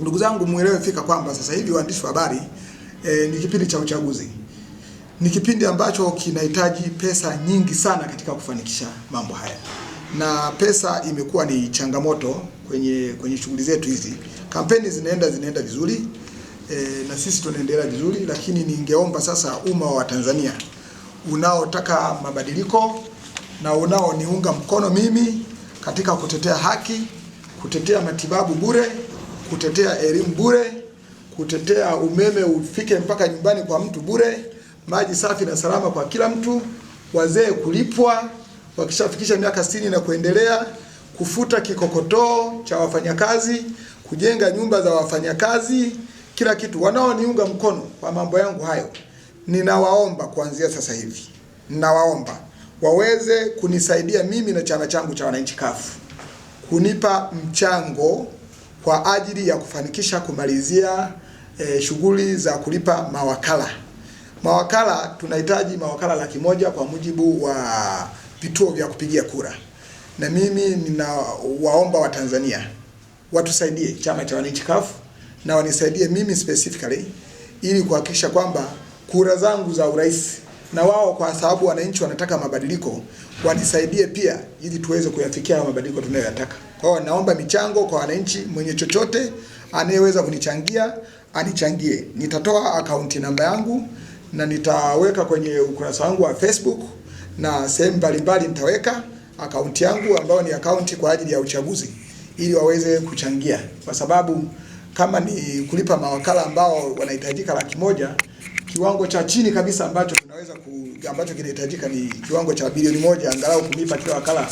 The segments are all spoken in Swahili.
Ndugu zangu, muelewe fika kwamba sasa hivi waandishi wa habari e, ni kipindi cha uchaguzi, ni kipindi ambacho kinahitaji pesa nyingi sana katika kufanikisha mambo haya, na pesa imekuwa ni changamoto kwenye kwenye shughuli zetu hizi. Kampeni zinaenda zinaenda vizuri e, na sisi tunaendelea vizuri, lakini ningeomba sasa umma wa Tanzania unaotaka mabadiliko na unaoniunga mkono mimi katika kutetea haki, kutetea matibabu bure kutetea elimu bure, kutetea umeme ufike mpaka nyumbani kwa mtu bure, maji safi na salama kwa kila mtu, wazee kulipwa wakishafikisha miaka sitini na kuendelea, kufuta kikokotoo cha wafanyakazi, kujenga nyumba za wafanyakazi, kila kitu. Wanaoniunga mkono kwa mambo yangu hayo, ninawaomba kuanzia sasa hivi, ninawaomba waweze kunisaidia mimi na chama changu cha wananchi kafu kunipa mchango kwa ajili ya kufanikisha kumalizia e, shughuli za kulipa mawakala. Mawakala tunahitaji mawakala laki moja kwa mujibu wa vituo vya kupigia kura, na mimi ninawaomba Watanzania watusaidie chama cha wananchi kafu na wanisaidie mimi specifically ili kuhakikisha kwamba kura zangu za urais na wao kwa sababu wananchi wanataka mabadiliko, wanisaidie pia ili tuweze kuyafikia hayo mabadiliko tunayoyataka. Kwa hiyo naomba michango kwa wananchi, mwenye chochote anayeweza kunichangia anichangie. Nitatoa akaunti namba yangu na nitaweka kwenye ukurasa wangu wa Facebook na sehemu mbalimbali nitaweka akaunti yangu ambayo ni akaunti kwa ajili ya uchaguzi, ili waweze kuchangia, kwa sababu kama ni kulipa mawakala ambao wanahitajika laki moja kiwango cha chini kabisa ambacho tunaweza ku, ambacho kinahitajika ni kiwango cha bilioni moja angalau kumipa kila wakala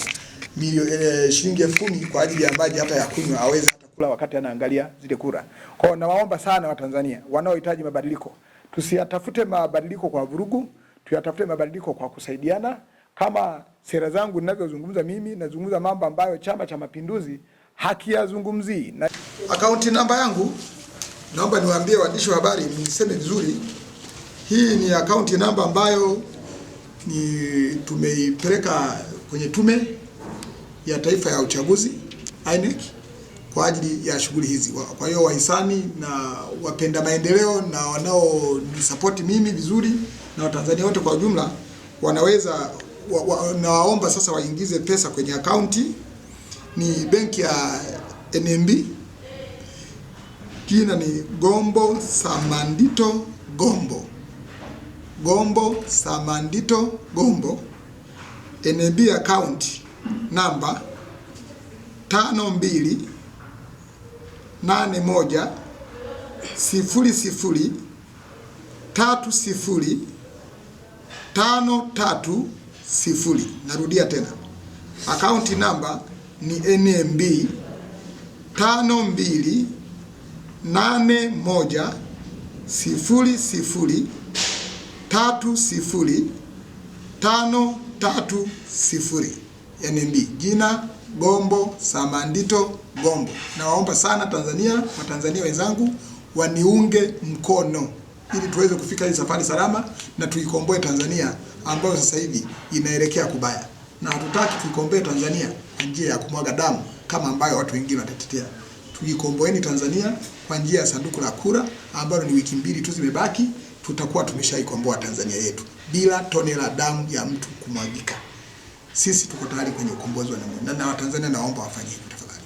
milioni eh, shilingi elfu kumi kwa ajili ya maji hata ya kunywa aweze hata kula wakati anaangalia zile kura. Kwa hiyo nawaomba sana Watanzania wanaohitaji mabadiliko tusiyatafute mabadiliko kwa vurugu, tuyatafute mabadiliko kwa kusaidiana. Kama sera zangu ninazozungumza mimi, nazungumza mambo ambayo Chama cha Mapinduzi hakiyazungumzii. Na akaunti namba yangu naomba niwaambie waandishi wa habari, mniseme vizuri. Hii ni akaunti namba ambayo ni tumeipeleka kwenye Tume ya Taifa ya Uchaguzi INEC kwa ajili ya shughuli hizi. Kwa hiyo wahisani na wapenda maendeleo na wanaonisapoti mimi vizuri na Watanzania wote kwa ujumla wanaweza wa, wa, nawaomba sasa waingize pesa kwenye akaunti. Ni benki ya NMB, jina ni Gombo Samandito Gombo. Gombo Samandito Gombo, NMB account namba tano mbili nane moja sifuri sifuri tatu sifuri tano tatu sifuri. Narudia tena, akaunti namba ni NMB tano mbili nane moja sifuri sifuri tatu sifuri tano tatu sifuri NMB, jina Gombo Samandito Gombo. Nawaomba sana Tanzania, Watanzania wenzangu waniunge mkono ili tuweze kufika hii safari salama na tuikomboe Tanzania ambayo sasa hivi inaelekea kubaya, na hatutaki tuikomboe Tanzania kwa njia ya kumwaga damu kama ambayo watu wengine watatetea. Tuikomboeni Tanzania kwa njia ya sanduku la kura ambalo ni wiki mbili tu zimebaki tutakuwa tumeshaikomboa Tanzania yetu bila tone la damu ya mtu kumwagika. Sisi tuko tayari kwenye ukombozi wa namna na Watanzania, naomba wafanye hivyo.